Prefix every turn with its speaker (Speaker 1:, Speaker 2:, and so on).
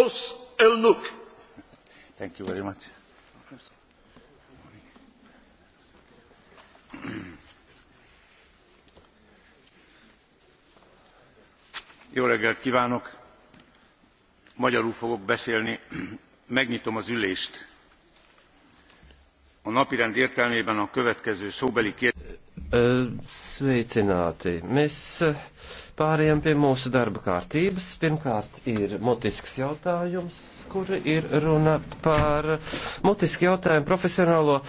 Speaker 1: Os Elnuk.
Speaker 2: Thank you very
Speaker 3: much.
Speaker 4: Jó reggelt kívánok! Magyarul fogok beszélni. Megnyitom az ülést. A napirend értelmében a következő szóbeli kérdés.
Speaker 5: Eh, sveicināti. Mēs eh, pārējām pie mūsu darba kārtības. Pirmkārt ir mutisks jautājums, kur ir runa par
Speaker 6: mutisku jautājumu profesionālo